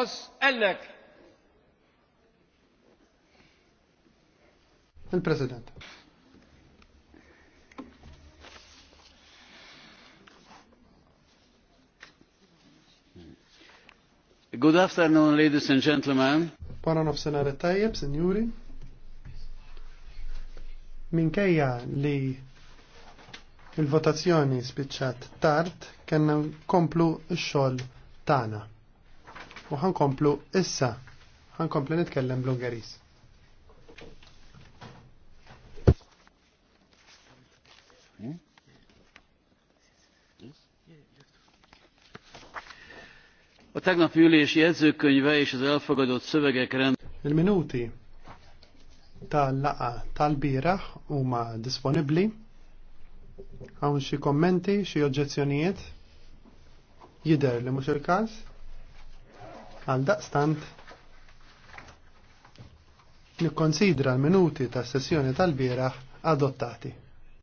Az ennek Il-President. Good afternoon, ladies and gentlemen. Para senare tajjeb, senjuri. Minkejja li il-votazzjoni spiċċat tard, kena komplu x-xol tana u ħankomplu issa, ħankomplu nitkellem bl-Ungeris. Hmm? A tegnap ülés jegyzőkönyve és az elfogadott szövegek rend. Il-minuti tal-laqa tal-biraħ huma disponibbli. Hawn xi kommenti, xi oġġezzjonijiet? Jidher li mhux il-każ? Għal daqstant nikkonsidra l-minuti tas sessjoni tal-bieraħ adottati.